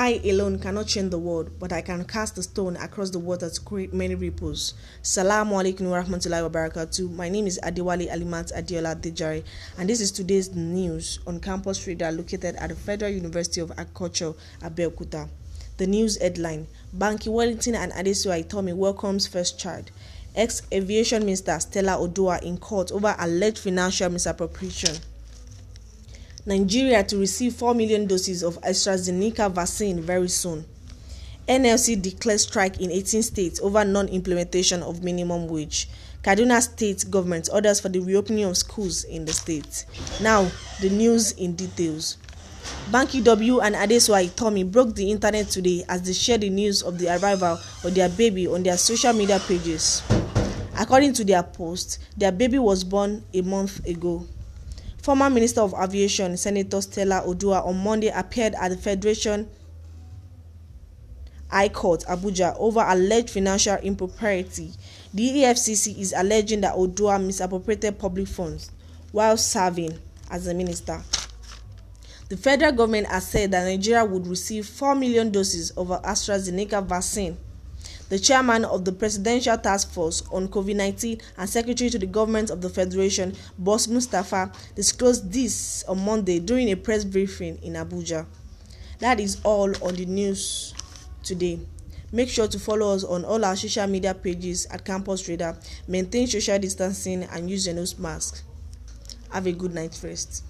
I alone cannot change the world, but I can cast a stone across the water to create many ripples. Salaam alaikum wa rahmatullahi wa barakatuh. My name is Adewale Alimat Adeola Dejari, and this is today's news on Campus Radar located at the Federal University of Agriculture, Abeokuta. The news headline Banky Wellington and Adesua Itomi welcomes first child. Ex aviation minister Stella Odua in court over alleged financial misappropriation. Nigeria to receive 4 million doses of AstraZeneca vaccine very soon. NLC declares strike in 18 states over non-implementation of minimum wage. Kaduna State government orders for the reopening of schools in the state. Now, the news in details. Banky e W and Adesua Itomi broke the internet today as they shared the news of the arrival of their baby on their social media pages. According to their post, their baby was born a month ago. Former Minister of Aviation, Senator Stella Odua, on Monday appeared at the Federation High Court, Abuja, over alleged financial impropriety. The EFCC is alleging that Odua misappropriated public funds while serving as a minister. The federal government has said that Nigeria would receive 4 million doses of AstraZeneca vaccine the chairman of the Presidential Task Force on COVID 19 and secretary to the government of the Federation, Boss Mustafa, disclosed this on Monday during a press briefing in Abuja. That is all on the news today. Make sure to follow us on all our social media pages at Campus Radar, maintain social distancing, and use your nose mask. Have a good night rest.